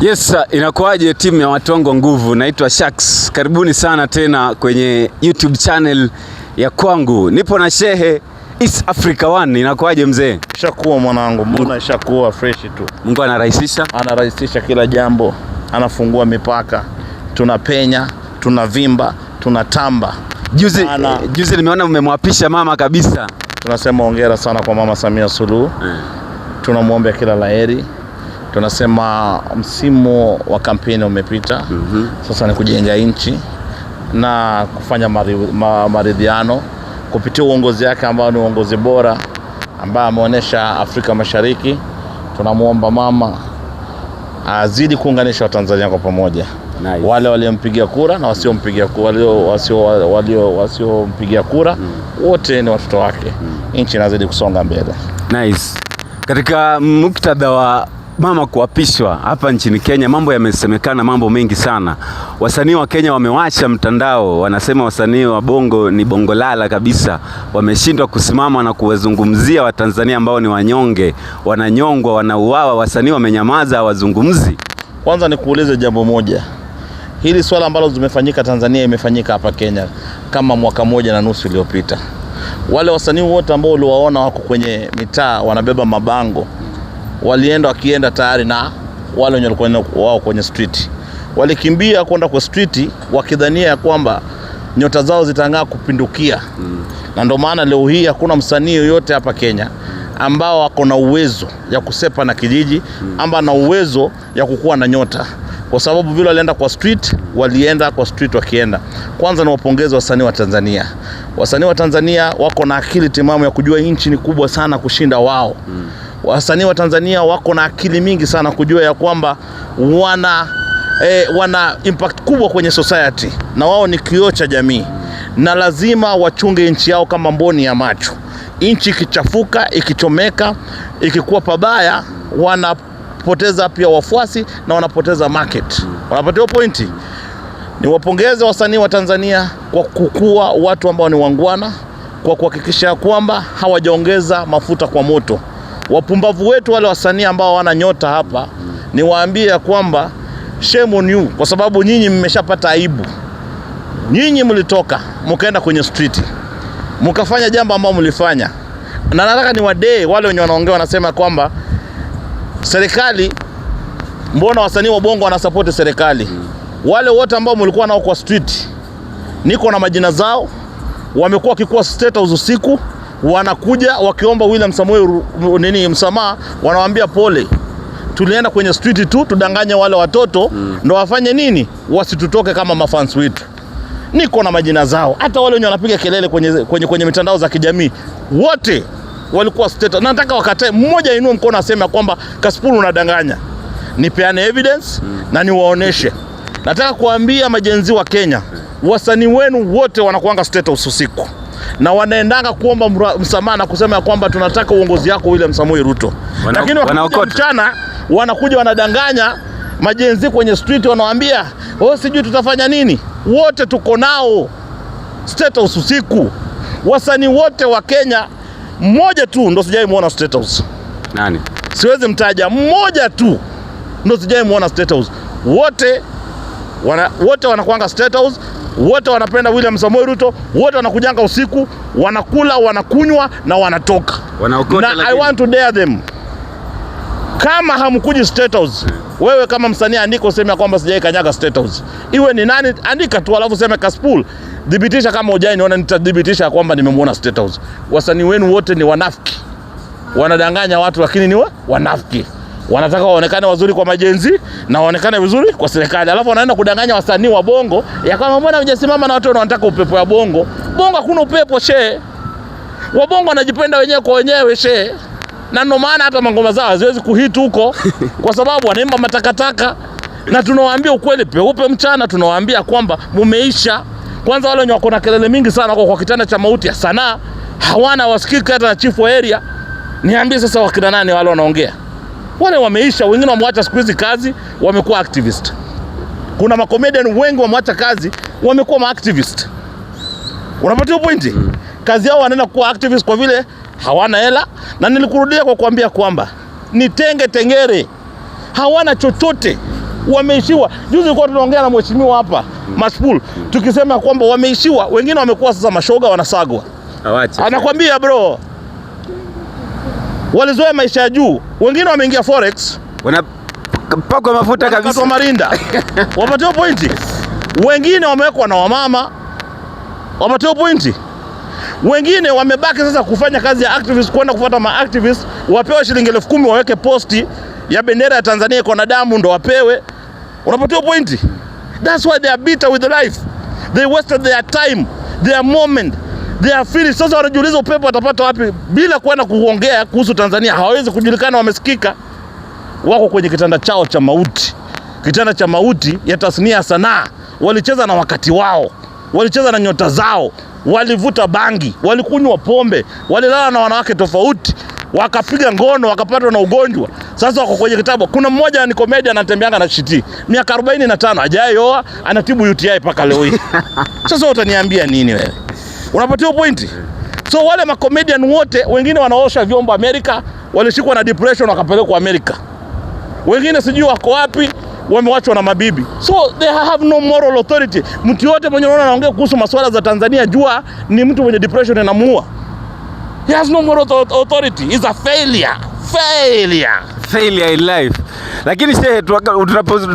Yes, inakuwaje timu ya Watongo nguvu, naitwa shaks Karibuni sana tena kwenye YouTube channel ya kwangu. Nipo na shehe East Africa One. Inakuwaje mzee? Shakuwa mwanangu, mbona ishakuwa fresh tu. Mungu anarahisisha, anarahisisha kila jambo, anafungua mipaka, tunapenya, tunavimba, tunatamba. Juzi, Ana... juzi nimeona umemwapisha mama kabisa. Tunasema hongera sana kwa Mama Samia Suluhu, hmm. tunamwombea kila laheri tunasema msimu wa kampeni umepita. mm -hmm. Sasa ni kujenga nchi na kufanya maridhiano ma, kupitia uongozi wake ambao ni uongozi bora ambaye ameonyesha Afrika Mashariki. Tunamwomba mama azidi kuunganisha Watanzania kwa pamoja. Nice. Wale waliompigia kura na wasiompigia wasiompigia kura mm. wote ni watoto wake mm. Nchi inazidi kusonga mbele. Nice. Katika muktadha wa mama kuapishwa hapa nchini Kenya, mambo yamesemekana, mambo mengi sana. Wasanii wa Kenya wamewasha mtandao, wanasema wasanii wa bongo ni bongo lala kabisa, wameshindwa kusimama na kuwazungumzia Watanzania ambao ni wanyonge, wananyongwa, wanauawa. Wasanii wamenyamaza, hawazungumzi. Kwanza nikuulize jambo moja, hili swala ambalo zimefanyika Tanzania, imefanyika hapa Kenya kama mwaka moja na nusu iliyopita. Wale wasanii wote ambao uliwaona wako kwenye mitaa wanabeba mabango walienda wakienda tayari na wale wenye walikuwa wao kwenye street, walikimbia kwenda kwa street wakidhania ya kwamba nyota zao zitang'aa kupindukia mm. Na ndio maana leo hii hakuna msanii yoyote hapa Kenya ambao wako na uwezo ya kusepa na kijiji mm. amba na uwezo ya kukuwa na nyota, kwa sababu vile walienda kwa street, walienda kwa street wakienda. Kwanza ni wapongeze wasanii wa Tanzania. Wasanii wa Tanzania wako na akili timamu ya kujua nchi ni kubwa sana kushinda wao mm wasanii wa Tanzania wako na akili mingi sana kujua ya kwamba wana eh, wana impact kubwa kwenye society na wao ni kioo cha jamii, na lazima wachunge nchi yao kama mboni ya macho. Nchi ikichafuka, ikichomeka, ikikuwa pabaya, wanapoteza pia wafuasi na wanapoteza market, wanapatiwa pointi. Niwapongeze wasanii wa Tanzania kwa kukua watu ambao ni wangwana, kwa kuhakikisha kwamba hawajaongeza mafuta kwa moto wapumbavu wetu wale wasanii ambao wana nyota hapa, niwaambie ya kwamba shame on you, kwa sababu nyinyi mmeshapata aibu. Nyinyi mlitoka mkaenda kwenye street mkafanya jambo ambao mlifanya, na nataka ni wadee wale wenye wanaongea wanasema kwamba serikali, mbona wasanii wa bongo wanasapoti serikali? Wale wote ambao mlikuwa nao kwa street, niko na majina zao, wamekuwa wakikuwa status usiku wanakuja wakiomba William Samoei nini msamaha, wanawaambia pole, tulienda kwenye street tu tudanganye wale watoto mm. ndo wafanye nini, wasitutoke kama mafans wetu. Niko na majina zao, hata wale wenye wanapiga kelele kwenye, kwenye, kwenye mitandao za kijamii wote walikuwa status. Nataka wakatae, mmoja inua mkono aseme kwamba Kasipul unadanganya, nipeane evidence mm. na niwaoneshe. Nataka kuambia majenzi wa Kenya, mm. wasanii wenu wote wanakuanga steta ususiku na wanaendanga kuomba msamaha na kusema ya kwamba tunataka uongozi wako William Samoei Ruto, lakini wakikuja mchana wanakuja wanadanganya majenzi kwenye street, wanawaambia wao oh, sijui tutafanya nini. Wote tuko nao State House usiku, wasanii wote wa Kenya, mmoja tu ndo sijai muona State House. Nani? Siwezi mtaja, mmoja tu ndo sijai muona State House. Wote wana, wote wanakuanga State House wote wanapenda William Samoei Ruto, wote wanakujanga usiku, wanakula, wanakunywa na wanatoka wanaokota. Na I want to dare them, kama hamkuji State House, wewe kama msanii andika, useme kwamba sijai kanyaga State House. Iwe ni nani, andika tu, alafu sema Kaspool, dhibitisha kama hujai niona, nitadhibitisha kwamba nimemwona State House. Wasanii wenu wote ni wanafiki, wanadanganya watu, lakini ni wanafiki wanataka waonekane wazuri kwa majenzi na waonekane vizuri kwa serikali, alafu wanaenda kudanganya wasanii wa bongo ya kama mbona hujasimama na watu wanataka upepo ya bongo. Bongo hakuna upepo shee, wabongo wanajipenda wenyewe kwa wenyewe shee, na ndio maana hata mangoma zao haziwezi kuhit huko, kwa sababu wanaimba matakataka. Na tunawaambia ukweli peupe mchana, tunawaambia kwamba mumeisha. Kwanza wale wenye wako na kelele mingi sana wako kwa kitanda cha mauti ya sanaa, hawana wasikiki hata na chifu wa area. Niambie sasa wakina nani wale wanaongea? wale wameisha, wengine wamewacha siku hizi kazi, wamekuwa activist. Kuna makomedian wengi wamewacha kazi, wamekuwa maactivist. Unapatia pointi? Hmm. Kazi yao wanaenda kuwa activist kwa vile hawana hela, na nilikurudia kwa kuambia kwamba nitenge tengere, hawana chochote wameishiwa. Juzi ilikuwa tunaongea na mheshimiwa hapa hmm. Maspool, tukisema kwamba wameishiwa, wengine wamekuwa sasa mashoga, wanasagwa, anakwambia bro walizoea maisha ya juu, wengine wameingia forex, wanapakwa mafuta kabisa, marinda wapatiwa pointi. Wengine wamewekwa na wamama wapatiwa pointi. Wengine wamebaki sasa kufanya kazi ya activist, kwenda kufuata ma activist, wapewe shilingi elfu kumi waweke posti ya bendera ya Tanzania iko na damu, ndo wapewe, unapatiwa pointi. That's why they are bitter with life, they wasted their time, their moment they are finished. sasa wanajiuliza upepo watapata wapi? Bila kwenda kuongea kuhusu Tanzania hawawezi kujulikana, wamesikika, wako kwenye kitanda chao cha mauti, kitanda cha mauti ya tasnia ya sanaa. Walicheza na wakati wao, walicheza na nyota zao, walivuta bangi, walikunywa pombe, walilala na wanawake tofauti, wakapiga ngono, wakapatwa na ugonjwa. Sasa wako kwenye kitabu. Kuna mmoja ni komedian anatembeanga na shiti miaka 45 hajaoa, anatibu UTI mpaka leo hii. Sasa utaniambia nini wewe? Unapatiwa pointi. So wale makomedian wote wengine wanaosha vyombo Amerika, walishikwa na depression wakapelekwa Amerika, wengine sijui wako wapi, wamewachwa na mabibi. So they have no moral authority. Mtu yote mwenye unaona anaongea kuhusu masuala za Tanzania, jua ni mtu mwenye depression inamuua. He has no moral authority. He's a failure. Failure. Failure in life. Lakini shehe,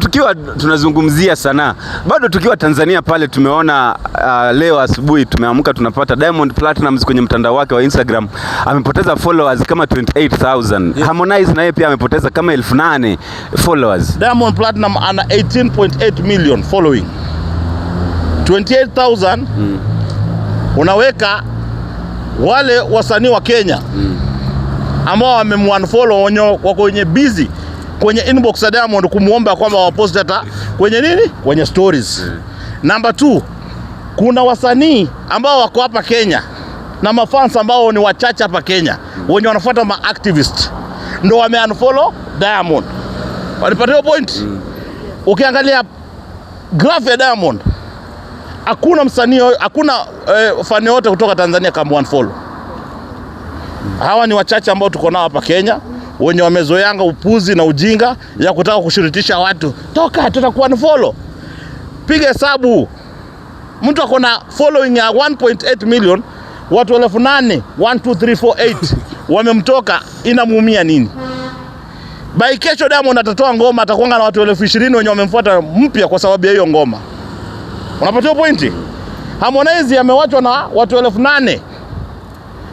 tukiwa tunazungumzia sanaa bado tukiwa Tanzania pale, tumeona uh, leo asubuhi tumeamka tunapata Diamond Platinumz kwenye mtandao wake wa Instagram amepoteza followers kama 28000 yeah. Harmonize naye pia amepoteza kama 8000 followers. Diamond Platinum ana 18.8 million following 28000 hmm. Unaweka wale wasanii wa Kenya mm. ambao wamemunfollow wako wenye busy kwenye inbox ya Diamond kumwomba kwamba waposti hata kwenye nini, kwenye stories mm. Namba 2 kuna wasanii ambao wako hapa Kenya na mafans ambao ni wachache hapa Kenya mm. wenye wanafuata ma activist ndo wame unfollow Diamond, Walipata point mm. Ukiangalia graph ya Diamond hakuna msanii hakuna eh, fani yote kutoka Tanzania kama unfollow. Hawa ni wachache ambao tuko nao hapa Kenya wenye wamezoeanga upuzi na ujinga ya kutaka kushirikisha watu toka, tutakuwa ni follow. Piga hesabu, mtu ako na following ya 1.8 million, watu elfu nane 1 2 wamemtoka, inamuumia nini? By kesho Diamond atatoa ngoma, atakuanga na watu elfu ishirini wenye wamemfuata mpya kwa sababu ya hiyo ngoma. Unapatia pointi? Harmonize amewachwa na watu elfu nane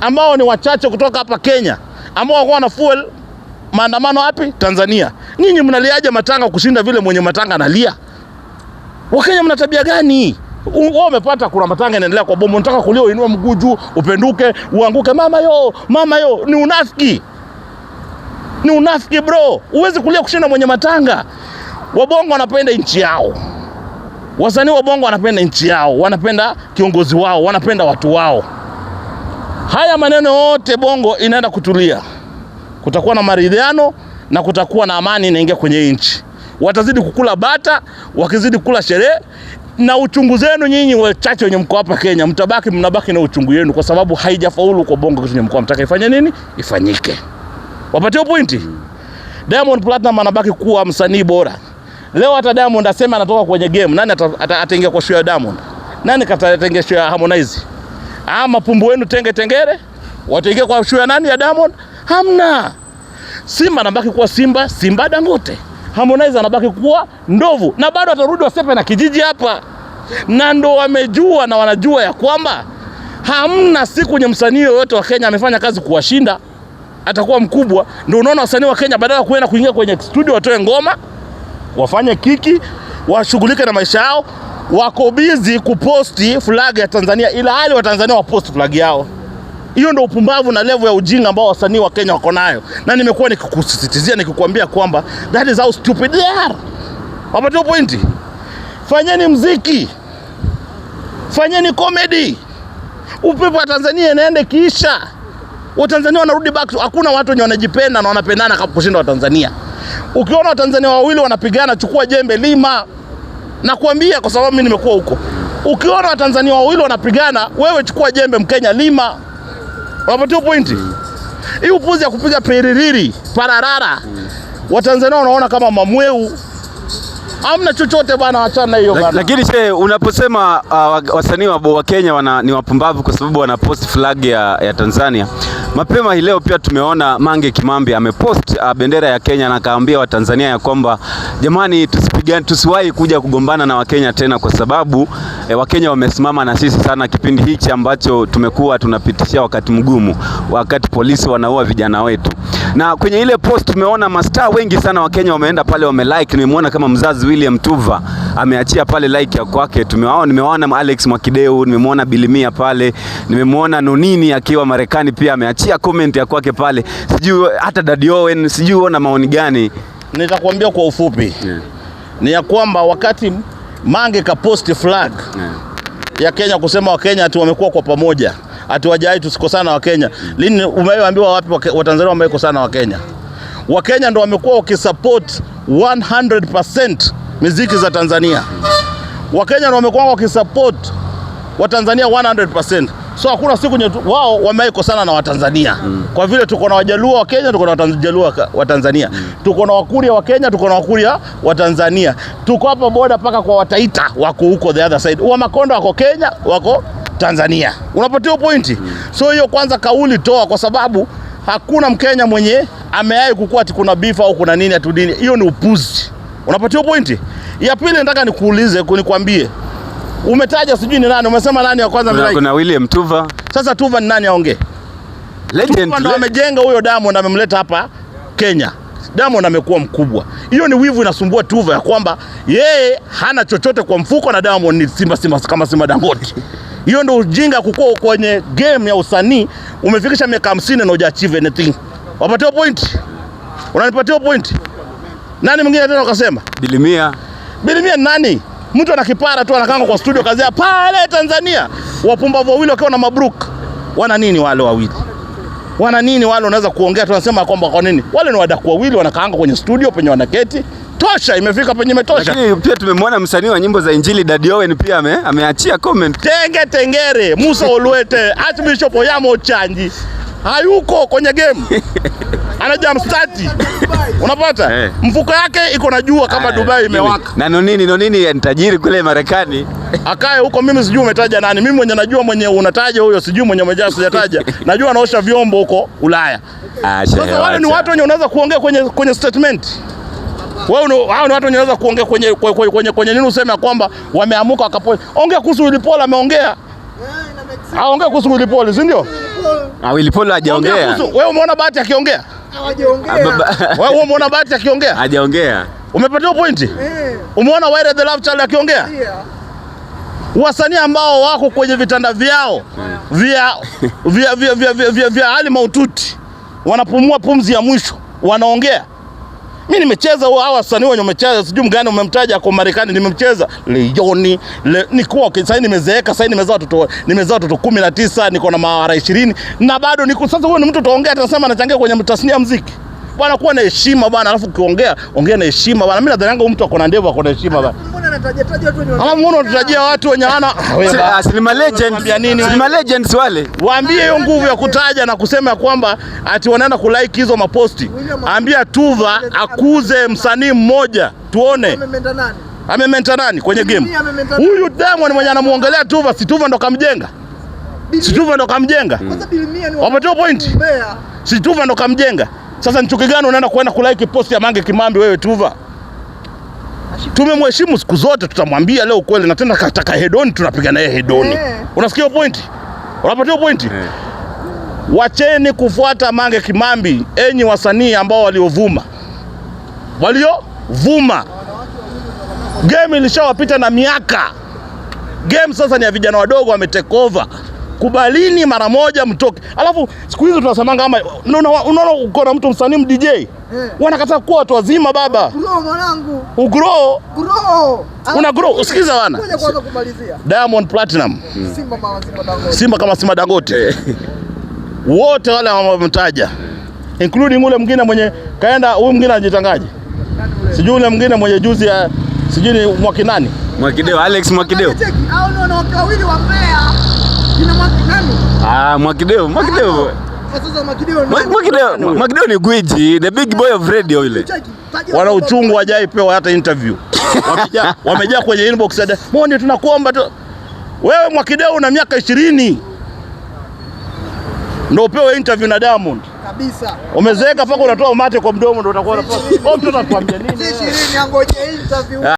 ambao ni wachache kutoka hapa Kenya ambao wako na fuel maandamano wapi? Tanzania. Nyinyi mnaliaje matanga kushinda vile mwenye matanga analia. Wakenya mna tabia gani? Wewe umepata kura, matanga inaendelea kwa bomu, unataka kulia, uinue mguu juu, upenduke, uanguke, mama yo, mama yo. Ni unafiki, ni unafiki bro. Huwezi kulia kushinda mwenye matanga. Wabongo wanapenda nchi yao, wasanii wa bongo wanapenda nchi yao, wanapenda kiongozi wao, wanapenda watu wao. Haya maneno yote bongo inaenda kutulia kutakuwa na maridhiano na kutakuwa na amani inaingia kwenye nchi. Watazidi kukula bata, wakizidi kukula sherehe na uchungu zenu nyinyi wachache wenye mko hapa Kenya, mtabaki mnabaki na uchungu yenu, kwa sababu haijafaulu kwa bongo kitu nyenye mko Mtaka ifanye nini? Ifanyike. Wapatie pointi. Diamond Platinum anabaki kuwa msanii bora. Leo hata Diamond asema anatoka kwenye game, nani ataingia kwa show ya Diamond? Nani kataingia show ya Harmonize? Ama pumbu wenu tenge tengere, wataingia kwa show ya nani? Ya Diamond? Hamna. Simba anabaki kuwa Simba, Simba Dangote. Harmonize anabaki kuwa ndovu na bado atarudi Wasepe na kijiji hapa, na ndo wamejua na wanajua ya kwamba hamna siku nye msanii yoyote wa Kenya amefanya kazi kuwashinda, atakuwa mkubwa. Ndio unaona wasanii wa Kenya badala ya kuenda kuingia kwenye studio watoe ngoma, wafanye kiki, washughulike na maisha yao, wako busy kuposti flag ya Tanzania, ila hali wa Tanzania waposti flag yao. Hiyo ndio upumbavu na level ya ujinga ambao wasanii wa Kenya wako nayo, na nimekuwa nikikusisitizia nikikwambia kwamba that is how stupid they are. Wapatia pointi, fanyeni mziki, fanyeni comedy, upepo wa Tanzania inaende kiisha, Watanzania wanarudi back. Hakuna watu wenye wanajipenda na wanapendana kama kushinda Watanzania. Ukiona Watanzania wawili wanapigana, chukua jembe lima, nakwambia kwa sababu mimi nimekuwa huko. Ukiona Watanzania wawili wanapigana, wewe chukua jembe, Mkenya lima wapatia pointi hii mm. Upuzi ya kupiga peririri pararara mm. Watanzania wanaona kama mamweu amna chochote bana, wachana hiyo bana. Lakini she unaposema uh, wasanii wa Kenya wana, ni wapumbavu kwa sababu wana post flag ya, ya Tanzania Mapema hii leo pia tumeona Mange Kimambi amepost uh, bendera ya Kenya na akaambia Watanzania ya kwamba jamani, tusipigane, tusiwahi kuja kugombana na Wakenya tena, kwa sababu e, Wakenya wamesimama na sisi sana kipindi hichi ambacho tumekuwa tunapitishia wakati mgumu, wakati polisi wanaua vijana wetu. Na kwenye ile post tumeona mastaa wengi sana Wakenya wameenda pale, wamelike. Nimemwona kama mzazi William Tuva ameachia pale like ya kwake. Tumewaona, nimewaona Alex Mwakideu, nimemwona Bilimia pale, nimemwona Nonini akiwa Marekani pia ameachia comment ya kwake pale, sijui hata Daddy Owen, sijui uona maoni gani? Nitakwambia kwa ufupi yeah. Ni ya kwamba wakati Mange post flag yeah. ya Kenya kusema Wakenya ati wamekuwa kwa pamoja ati wajai tusikosana Wakenya mm. Lini umewaambiwa wapi Watanzania wamekosana Wakenya? Wakenya ndo wamekuwa wakisupport 100% miziki za Tanzania. Wakenya wamekuwa wakisupport wa Tanzania 100%. So hakuna siku nye wao wameikosana na Watanzania mm. Kwa vile tuko na Wajaluo wa Kenya, tuko na Wajaluo wa Tanzania mm. Tuko na Wakuria wa Kenya, tuko na Wakuria wa Tanzania, tuko hapa boda mpaka kwa Wataita wako huko the other side, Wa Wamakonda wako Kenya, wako Tanzania. Unapatia pointi mm. So hiyo kwanza kauli toa, kwa sababu hakuna Mkenya mwenye ameai kukua ati kuna bifa au kuna nini atudini. Hiyo ni upuzi unapatia pointi. Ya pili nataka nikuulize, kunikwambie. Umetaja sijui ni nani, umesema nani ya kwanza mbele. Kuna William Tuva. Sasa Tuva ni nani aongee? Legend. Tuva ndo amejenga huyo Diamond amemleta hapa Kenya. Diamond amekuwa mkubwa. Hiyo ni wivu inasumbua Tuva ya kwamba yeye hana chochote kwa mfuko na Diamond ni simba simba kama simba Dangote. Hiyo ndo ujinga kukuwa kwenye game ya usanii, umefikisha miaka 50 na huja anything. Wapatia point. Unanipatia point. Nani mwingine tena ukasema? Bilimia. Bilimia nani? Mtu ana kipara tu anakanga kwa studio kazi pale Tanzania. Wapumbavu wawili wakiwa na Mabruk. Wana nini wale wawili? Wana nini wale wanaweza kuongea tunasema kwamba kwa nini? Wale ni wadaku wawili wanakaanga kwenye studio penye wanaketi. Tosha imefika penye imetosha. Lakini pia tumemwona msanii wa nyimbo za Injili Daddy Owen pia ame, ameachia comment. Tenge tengere, Musa Oluete, Archbishop Yamo Chanji. Hayuko kwenye game. ana jam stati unapata hey. Eh. Mfuko yake iko na jua kama hey. Eh, Dubai imewaka na nonini nonini tajiri kule Marekani akae huko. Mimi sijui umetaja nani, mimi mwenye najua mwenye unataja huyo, sijui mwenye mwenye sijataja najua anaosha vyombo huko Ulaya. Ah, Sasa wale ni watu wenye unaweza kuongea kwenye, kwenye statement wewe ni hao ni watu wenye unaweza kuongea kwenye kwenye, kwenye, kwenye nini useme kwamba wameamuka wakapo. Ongea kuhusu Wilipol ameongea. Eh, Aongea kuhusu Willy Paul, si ndio? Ah, Willy Paul hajaongea. Wewe umeona Bahati akiongea? Wewe umeona Bahati akiongea? Hajaongea. Umepatiwa pointi? Eh. Umeona Wire the Love Child akiongea? Yeah. Wasanii ambao wako kwenye vitanda vyao hmm. vya vya vya vya vya hali maututi wanapumua pumzi ya mwisho wanaongea mimi nimecheza hao wasanii wenye umecheza sijui mgani umemtaja kwa Marekani nimemcheza Leoni le, nikuwa okay, sasa nimezeeka sasa nimezaa watoto nimezaa watoto 19 niko na mara 20 na bado niko sasa. Wewe ni mtu utaongea atasema anachangia kwenye tasnia ya muziki. Bwana kuwa na heshima bwana, alafu ukiongea ongea na heshima bwana. Mimi nadhani yangu mtu akona ndevu akona heshima bwana. Ama mbona ah, watu wenye hana ah, Silima Legends, Silima Legends wale. Waambie hiyo nguvu ya kutaja na kusema kwamba ati wanaenda kulike hizo maposti. Ambia Tuva akuze msanii mmoja tuone. Amementa nani kwenye game? Huyu Diamond mwenye anamuongelea Tuva, si Tuva ndo kamjenga. Si Tuva ndo kamjenga. Wametoa point. Si Tuva ndo kamjenga. Sasa ni chuki gani unaenda kuenda kulike post ya Mange Kimambi wewe Tuva? Tumemheshimu siku zote, tutamwambia leo kweli, na tena kataka hedoni, tunapiga naye hedoni yeah. Unasikia point? Unapatia point? Yeah. Wacheni kufuata Mange Kimambi, enyi wasanii ambao waliovuma, waliovuma. Game ilishawapita na miaka. Game sasa ni ya vijana wadogo, wametekova kubalini mara moja mtoke. Alafu siku hizo tunasemanga kama unaona uko na mtu msanii mdj eh, wanakataa kuwa watu wazima baba. Grow mwanangu, ugrow grow, ah. una grow. Sikiza wana Diamond Platinum, hmm. Simba kama Simba Dangote, Simba kama Simba Dangote eh. wote wale wamemtaja, including ule mwingine mwenye kaenda, huyu mwingine anajitangaje, sijui ule mwingine mwenye juzi ya sijui ni mwakinani Mwakideo, Alex Mwakideo. Ah, Mwakideu, Mwakideu. Mwakideu ni gwiji, the big boy of radio ile. Wana uchungu wajai pewa hata interview. Wamejaa kwenye inbox ya da. Mbona tunakuomba tu. Wewe Mwakideu una miaka 20. Ndio upewe interview na Diamond. Kabisa. Umezeeka paka unatoa mate kwa mdomo ndio utakuwa unapata. Oh, mtoto atuambia nini? 20 angoje interview. Ah.